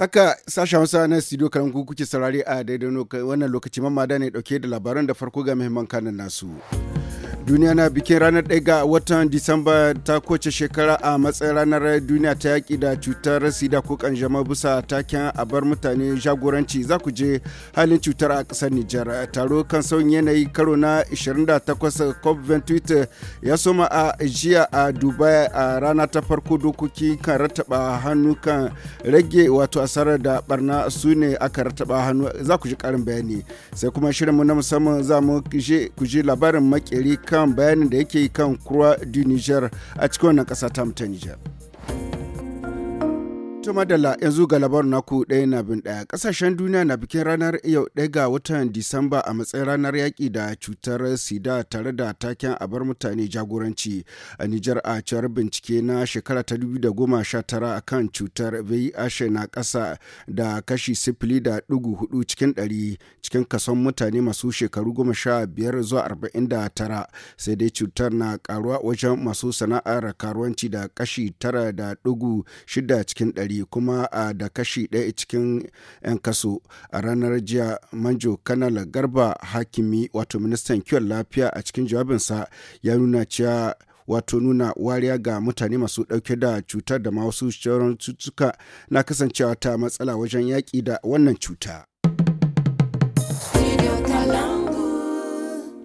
Haka sashen Hausa na studio Kalangu kuke saurari a daidai wannan lokaci mamada ne dauke da labaran da farko ga muhimman kanan nasu. duniya na bikin ranar ɗaya ga watan disamba ta koce shekara a matsayin ranar duniya ta yaƙi da cutar sida ko kanjama bisa taken a bar mutane jagoranci za ku je halin cutar a ƙasar nijar taro kan sauyin yanayi karo na 28 cop 28 ya soma a jiya a dubai a rana ta farko dokoki kan rataba hannu kan rage wato asarar da barna su ne aka rataba hannu za ku ji ƙarin bayani sai kuma shirinmu na musamman za mu ku je labarin makeri kan kan bayanin da yake kan croix du niger a cikin wannan kasa ta niger To madalla yanzu ga labar naku ɗaya na bin ɗaya. Ƙasashen duniya na bikin ranar yau ɗaya ga watan Disamba a matsayin ranar yaƙi da cutar sida tare da taken a bar mutane jagoranci a Nijar a cewar bincike na shekara ta tara a kan cutar VIH na ƙasa da kashi sifili da ɗugu hudu cikin ɗari cikin kason mutane masu shekaru goma sha biyar zuwa arba'in da tara sai dai cutar na ƙaruwa wajen masu sana'ar karuwanci da kashi tara da ɗugu shida cikin ɗari. gari kuma a da kashi ɗaya cikin 'yan kaso a ranar jiya manjo kanal garba hakimi wato ministan kiwon lafiya a cikin jawabinsa ya nuna cewa wato nuna wariya ga mutane masu ɗauke da cutar da ma wasu cututtuka na kasancewa ta matsala wajen yaƙi da wannan cuta.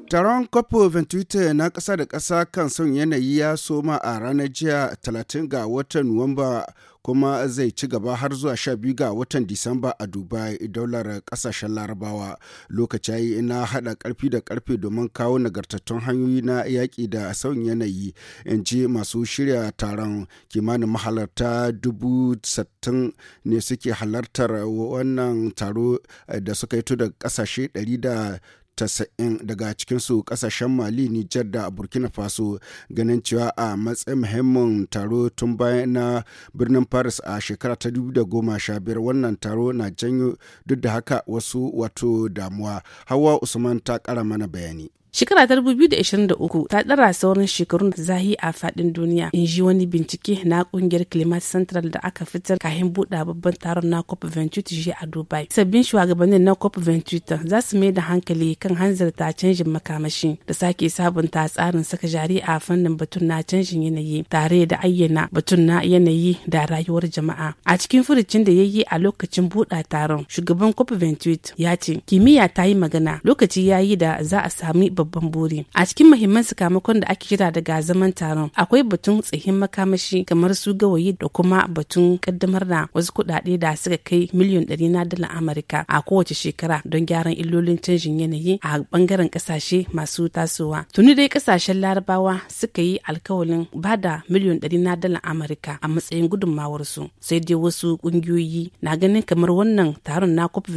Taron COP28 na ƙasa da ƙasa kan son yanayi ya soma a ranar jiya 30 ga watan Nuwamba kuma zai ci gaba har zuwa 12 ga watan Disamba a Dubai daular ƙasashen Larabawa. Lokaci ina haɗa ƙarfi da ƙarfe domin kawo nagartattun hanyoyi na yaƙi da son yanayi, in ji masu shirya taron kimanin mahalarta dubu sattin ne suke halartar wannan taro eh, da suka yi da ƙasashe 100 90 daga cikin su kasashen mali nijar da burkina faso ganin cewa a matsayin muhimmin taro tun bayan na birnin paris a shekara ta goma sha biyar wannan taro na janyo duk da haka wasu wato damuwa hawa usman ta kara mana bayani Shekara ta 2023 ta ɗara sauran shekarun zahi a faɗin duniya, in ji wani bincike na ƙungiyar Climate Central da aka fitar kahin buɗa babban taron na COP28 shi a Dubai. Sabbin shugabannin na COP28 za su mai da hankali kan hanzarta canjin makamashi da sake sabunta tsarin saka jari a fannin batun na canjin yanayi tare da ayyana batun na yanayi da rayuwar jama'a. A cikin furucin da ya yi a lokacin buɗa taron, shugaban COP28 ya ce, kimiyya ta yi magana, lokaci ya yi da za a sami babban buri a cikin muhimman sakamakon da ake kira daga zaman taron akwai batun tsihin makamashi kamar su gawayi da kuma batun kaddamar da wasu kuɗaɗe da suka kai miliyan ɗari na dala amurka a kowace shekara don gyaran illolin canjin yanayi a bangaren ƙasashe masu tasowa tuni dai ƙasashen larabawa suka yi alkawalin ba da miliyan ɗari na dala amurka a matsayin gudunmawarsu sai dai wasu ƙungiyoyi na ganin kamar wannan taron na cop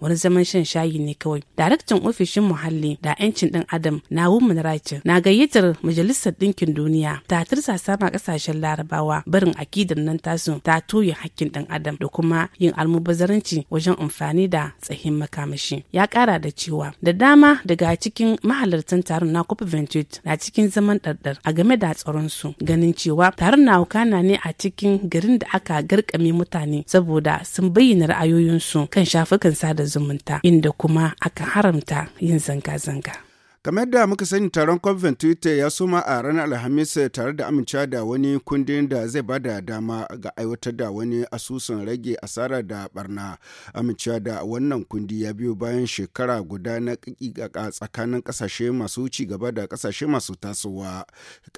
wani zaman shan shayi ne kawai daraktan ofishin muhalli da 'yancin ɗan adam na women rights na gayyatar majalisar ɗinkin duniya ta tirsasa ma ƙasashen larabawa barin akidar nan tasu ta toye hakkin ɗan adam da kuma yin almubazaranci wajen amfani da tsahin makamashi ya ƙara da cewa da dama daga cikin mahalartan taron na cop na cikin zaman ɗarɗar a game da tsaron su ganin cewa taron na hukana ne a cikin garin da aka garkame mutane saboda sun bayyana ra'ayoyinsu kan shafukan sada zumunta inda kuma aka haramta yin zanga-zanga. Kamar da muka sani taron COP Twitter ya suma a ranar Alhamis tare da amincewa da wani kundin da zai ba da dama ga aiwatar da wani asusun rage asara da barna. Amincewa da wannan kundi ya biyo bayan shekara guda na kikikaka tsakanin kasashe masu ci gaba da kasashe masu tasowa.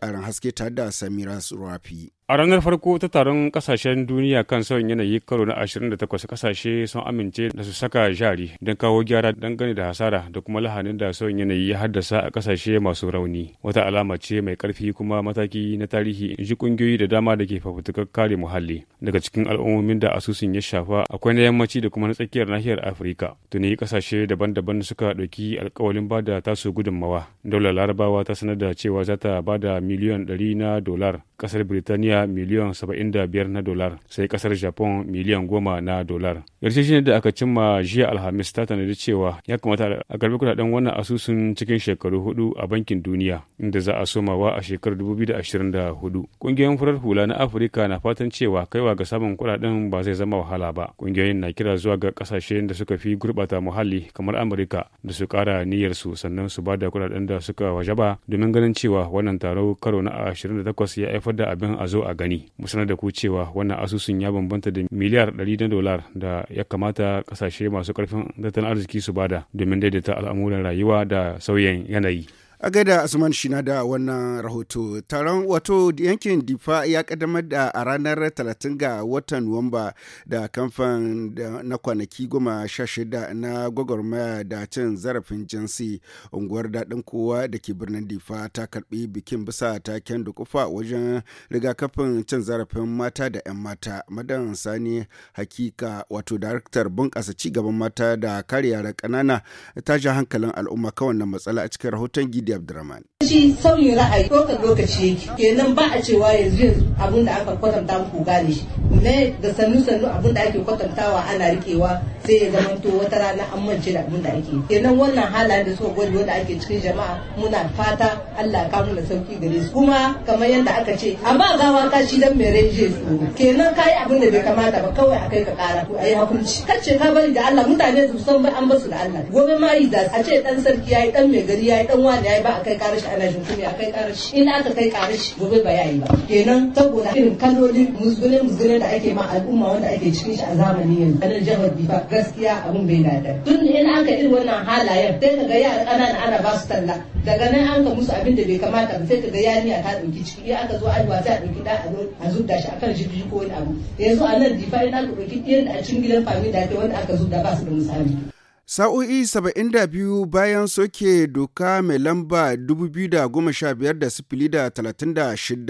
Karin haske tare da Samira Surafi. A ranar farko ta taron kasashen duniya kan sauyin yanayi karo na 28 kasashe sun amince da su saka jari don kawo gyara dangane da hasara da kuma lahanin da sauyin yanayi ya haddasa a kasashe masu rauni wata alama ce mai karfi kuma mataki na tarihi in ji ƙungiyoyi da dama da ke fafutukar kare muhalli daga cikin al'ummomin da asusun ya shafa akwai na yammaci da kuma na tsakiyar nahiyar afirka tuni kasashe daban-daban suka ɗauki alkawalin ba da tasu gudunmawa daular larabawa ta sanar da cewa za ta ba da miliyan ɗari na dolar ƙasar birtaniya miliyan saba'in da biyar na dolar sai ƙasar japan miliyon goma na dolar yarjejeniyar da aka cimma jiya alhamis ta tanadi cewa ya kamata a karbi kudaden wannan asusun cikin shekaru hudu a bankin duniya inda za a soma wa a shekarar 2024 kungiyoyin farar hula na afirka na fatan cewa kaiwa ga samun kudaden ba zai zama wahala ba kungiyoyin na kira zuwa ga kasashe da suka fi gurbata muhalli kamar amurka da su kara niyyar su sannan su ba da kudaden da suka wajaba domin ganin cewa wannan taro karo na 28 ya haifar da abin a zo a gani mu sanar da ku cewa wannan asusun ya bambanta da miliyar 100 na dolar da ya kamata kasashe masu karfin tattalin arziki su bada domin daidaita al'amuran rayuwa da sauyin 杨大爷。a gaida asman shina da wannan rahoto taron wato yankin difa ya kaddamar da a ranar 30 ga watan nuwamba da kamfan na kwanaki goma sha shida na gwagwarmaya da cin zarafin jinsi unguwar daɗin kowa da ke birnin difa ta karbi bikin bisa taken kufa wajen rigakafin cin zarafin mata da 'yan mata madan sani hakika wato daraktar bunƙasa gaban mata da kare yara ƙanana ta ja hankalin al'umma kawai matsala a cikin rahoton gidi Sa'idi Abdurrahman. Shi sauyin ra'ayi ɗaukar lokaci kenan ba a cewa yanzu yanzu abin da aka kwatanta ku gane ne da sannu sannu abin da ake kwatantawa ana rikewa sai ya zama to wata rana an mance da abin da ake kenan wannan halayen da suka gwada wanda ake cikin jama'a muna fata Allah ka da sauki gare su kuma kamar yadda aka ce a ba gawa ka shi dan mai renje su kenan kai abin da bai kamata ba kawai a kai ka kara ko ayi hakunci kace ka bari da Allah mutane su san bai an basu da Allah gobe ma yi da a ce dan sarki yayi dan mai gari yayi dan wani yayi ba a kai karashi ana jin kuma a kai karashi in aka kai karashi gobe ba yayi ba kenan saboda irin kalolin musgune musgune da ake ma al'umma wanda ake cikin shi a zamani yanzu a nan jihar Bifa gaskiya abun bai da tun in an ka irin wannan halayen sai ka ga yara ƙanana ana basu talla daga nan an ka musu abin da bai kamata ba sai ka ga yarinya ta dauki ciki in aka zo ajiwa sai a ɗauki da a zubda shi akan shi ko wani abu yanzu a nan Bifa in aka ɗauki ɗiyan a cikin gidan famin da wanda aka zubda ba su da misali. Sa'o'i 72 bayan soke doka mai lamba 2015 da sifili da 36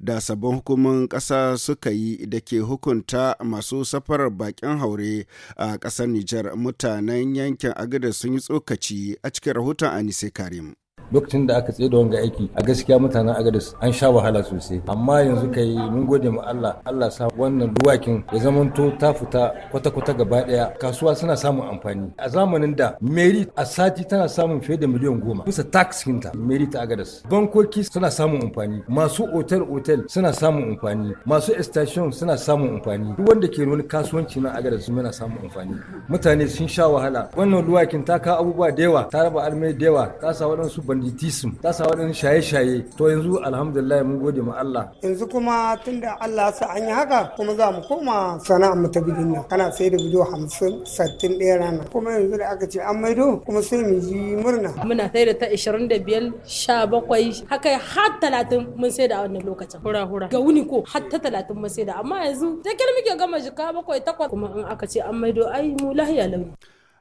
da sabon hukumin ƙasa suka yi da ke hukunta masu safarar bakin haure a ƙasar Nijar mutanen yankin agada sun yi tsokaci a cikin rahoton Anise Karim. lokacin da aka tsaye da wanga aiki a gaskiya mutanen agadis an sha wahala sosai amma yanzu kai mun gode ma Allah Allah sa wannan duwakin ya zamanto ta fita kwata-kwata gaba daya kasuwa suna samun amfani a zamanin da meri a sati tana samun fiye da miliyan goma bisa tax hinta meri ta agadis bankoki suna samun amfani masu otel otel suna samun amfani masu station suna samun amfani duk wanda ke wani kasuwanci na sun yana samun amfani mutane sun sha wahala wannan duwakin ta kawo abubuwa da yawa ta raba almai da yawa ta sa waɗansu banditism ta sa waɗansu shaye-shaye to yanzu alhamdulillah mun gode ma Allah yanzu kuma tunda Allah ya sa an yi haka kuma za mu koma sana'ar mu ta bidin nan kana sai da bido hamsin sattin ɗaya rana kuma yanzu da aka ce an maido kuma sai mu ji murna muna sai da ta ishirin da biyar sha bakwai haka har talatin mun sai da a wannan lokacin hura hura ga wuni ko har ta talatin mun sai da amma yanzu da kyar muke gama jika bakwai takwas kuma in aka ce an maido ai mu lahiya launi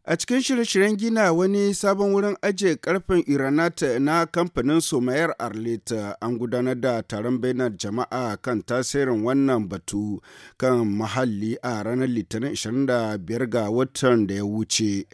A cikin shirye-shiryen gina wani sabon wurin ajiye karfin Iranat na kamfanin Somayar Arlit an gudanar da taron bainar jama'a kan tasirin wannan batu kan muhalli a ranar Litinin 25 ga watan da ya wuce.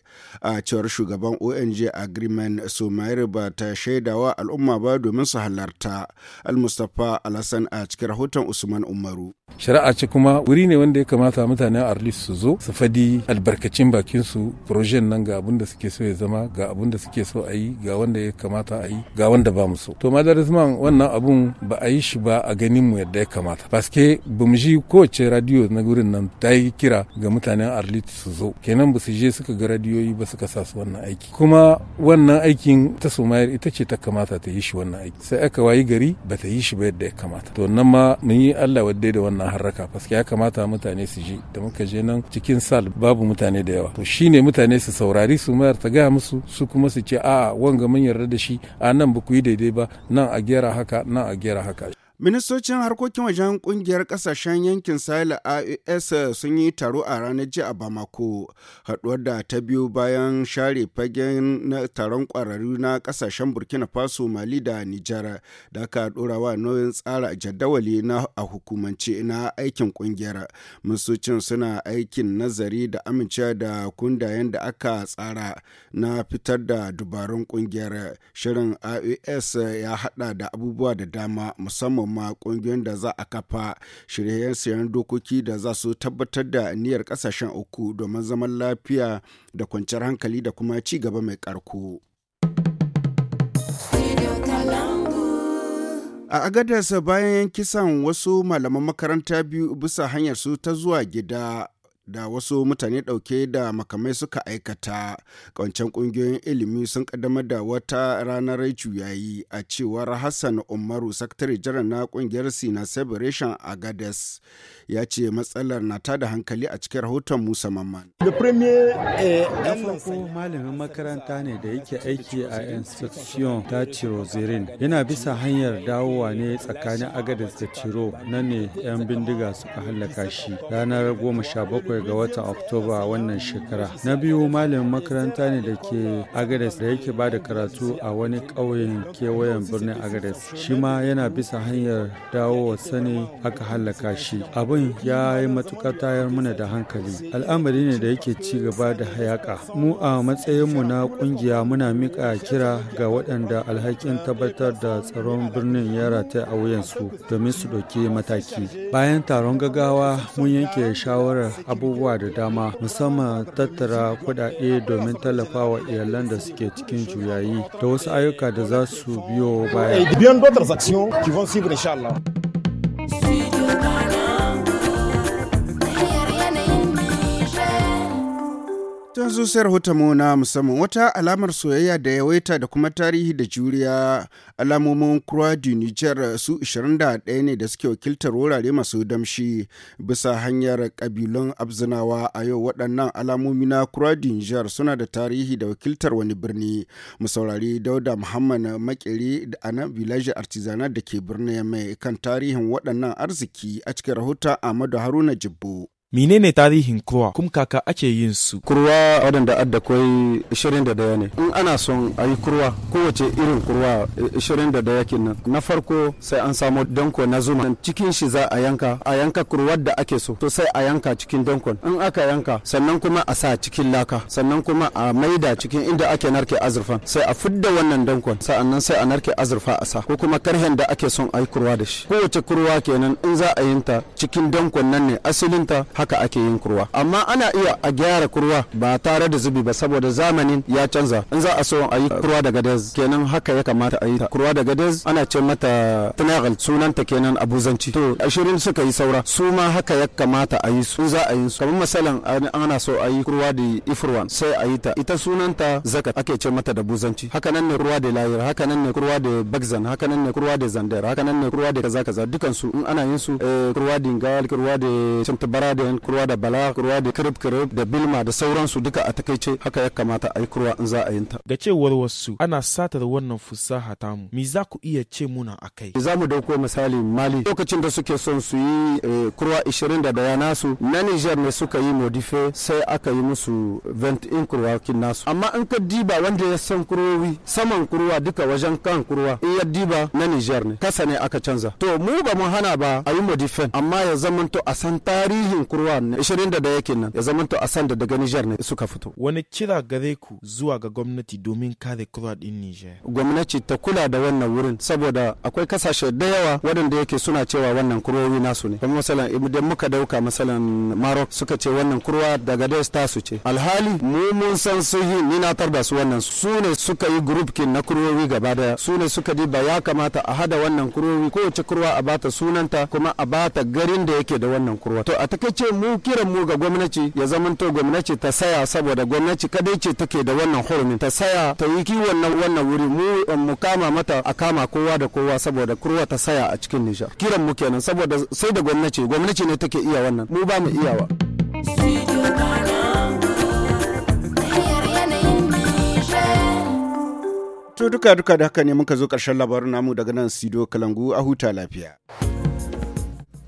A cewar shugaban ONG Agreement Somayar ba ta shaidawa al'umma ba domin su halarta. Al-Mustapha Alhassan a cikin rahoton Usman Umaru. Shari'a ce kuma wuri ne wanda ya kamata mutanen Arlit su zo su fadi albarkacin bakinsu projen nan ga abin da suke so ya zama ga abin da suke so a yi ga wanda ya kamata a yi ga wanda ba mu so to madarisman wannan abun ba a yi shi ba a ganin mu yadda ya kamata paske ba mu ji kowace radiyo na gurin nan ta yi kira ga mutanen arlit su zo kenan ba su je suka ga radiyoyi ba suka sa su wannan aiki kuma wannan aikin ta sumayar ita ce ta kamata ta yi shi wannan aiki sai aka wayi gari ba ta yi shi ba yadda ya kamata to nan ma mun yi Allah wadda da wannan harraka paske ya kamata mutane su je da muka je nan cikin sal babu mutane da yawa to shine mutane mutane su saurari su mayar ta gaya musu su kuma su ce a wanga mun yarda da shi a nan ba ku yi daidai ba nan a gera haka nan a gera haka Ministocin harkokin wajen kungiyar kasashen yankin Sahel AES sun yi taro a ranar jiya a Bamako, haɗuwar da ta biyu bayan share fagen na taron ƙwararru na kasashen Burkina Faso, Mali da Nijar da aka ɗora wa nauyin tsara jadawali na a hukumance na aikin kungiyar. Ministocin suna aikin nazari da amincewa da kundayen da aka tsara na fitar da dubarun kungiyar. Shirin AES ya haɗa da abubuwa da dama musamman musamman ma da za a kafa shirye siyan dokoki da za su tabbatar da niyyar ƙasashen uku domin zaman lafiya da kwanciyar hankali da kuma ci gaba mai ƙarko. A agadarsa bayan kisan wasu malaman makaranta biyu bisa hanyar su ta zuwa gida da wasu mutane ɗauke da makamai suka aikata ƙawancen ƙungiyoyin ilimi sun ƙaddamar da wata ranar juyayi a cewar hassan umaru sakatare jiran na ƙungiyar sina celebration a gades ya ce matsalar na da hankali a cikin rahoton musa mamman eh, na farko malamin makaranta ne da yake aiki a institution ta zirin yana bisa hanyar dawowa ne tsakanin agades da ciro na ne 'yan bindiga suka hallaka shi ranar goma sha bakwai ga watan Oktoba wannan shekara. Na biyu malamin makaranta ne da ke Agades da yake ba da karatu a wani ƙauyen kewayen birnin Agades. Shi ma yana bisa hanyar dawo wa sani aka hallaka shi. Abin ya yi matuƙar tayar mana da hankali. Al'amari ne da yake ci gaba da hayaƙa. Mu a matsayinmu na ƙungiya muna miƙa kira ga waɗanda alhakin tabbatar da tsaron birnin ya rataya a wuyansu domin su ɗauki mataki. Bayan taron gaggawa mun yanke shawarar abu abubuwa da dama musamman tattara kudade domin tallafawa iyalan da suke cikin juyayi da wasu ayyuka da za su biyo baya. Eh, yanzu sai mu na musamman wata alamar soyayya da yawaita da kuma tarihi da juriya alamomin croix du niger su 21 ne da suke wakiltar wurare masu damshi bisa hanyar kabilun abzinawa a yau waɗannan alamomi na croix du niger suna da tarihi da wakiltar wani birni musaurari dauda muhammad makeri da anan village artisanal da ke birnin mai kan tarihin waɗannan arziki a cikin rahoton ahmadu haruna jibbo menene tarihin kurwa kuma kaka ake yin su kurwa wadanda adda kwai 21 ne in ana son a yi kurwa kowace irin kurwa eh, 21 kenan na farko sai an samo danko na zuma cikin shi za a yanka a yanka kurwar da ake so to sai a yanka cikin dankon in aka yanka sannan kuma a sa cikin laka sannan kuma a maida cikin inda ake narke azurfan sai a fidda wannan dankon sa'annan sai a narke azurfa a sa ko kuma karhen da ake son a yi kurwa da shi kowace kurwa kenan in za a yinta cikin dankon nan ne asalinta haka ake yin kurwa amma ana iya a gyara kurwa ba tare da zubi ba saboda zamanin ya canza in za a so a yi kurwa da gadez kenan haka ya kamata a yi ta kurwa da gadez ana ce mata tunagal ta kenan abuzanci to ashirin suka yi saura su ma haka ya kamata a yi su za a yi su kamar misalin ana so a yi kurwa da ifirwan sai a yi ta ita sunan ta zakat ake ce mata da buzanci haka nan ne kurwa da layir haka nan ne kurwa da bagzan haka nan ne kurwa da zandar haka nan ne kurwa da kaza kaza dukansu in ana yin su eh, kurwa ingal kurwa da cintabara da irin kurwa da bala kurwa da kirib kirib da bilma da sauransu duka a takaice haka ya kamata a yi kurwa in za a yin ta ga cewar wasu ana satar wannan fusaha tamu mi za ku iya ce muna akai za mu dauko misali mali lokacin da suke son su yi eh, kurwa 20 da daya nasu na Niger ne suka yi modife sai aka yi musu 20 kurwa kin nasu amma in ka diba wanda ya san kurwowi saman kurwa duka wajen kan kurwa in ya diba na Niger ne kasa ne aka canza to mu ba mu hana ba a yi modifen amma ya zamanto a san tarihin ne ishirin da daya nan ya to a san da daga Niger ne suka fito wani kira gare ku zuwa ga gwamnati domin kare kurwa din Niger gwamnati ta kula da wannan wurin saboda akwai kasashe da yawa waɗanda yake suna cewa wannan kurwoyi nasu ne Kamar masalan idan muka dauka masalan Maroc suka ce wannan kurwa daga ta tasu ce alhali mu mun san su yi ni na tarda su wannan su ne suka yi kin na kurwoyi gaba daya su ne suka diba ya kamata a hada wannan kurwoyi kowace kurwa a bata sunanta kuma a bata garin da yake da wannan kurwa to a takaice ce mu kiran mu ga gwamnati ya zamanto gwamnati ta saya saboda gwamnati kadai ce take da wannan hurumin ta saya ta yi kiwon nan wannan wuri mu um, mu kama mata a kama kowa da kowa saboda kurwa ta saya a cikin Nijar kiran mu kenan saboda sai da gwamnati gwamnati ne take iya wannan mu ba mu iyawa To duka duka da haka ne muka zo ƙarshen labarin namu daga nan Sido Kalangu a huta lafiya.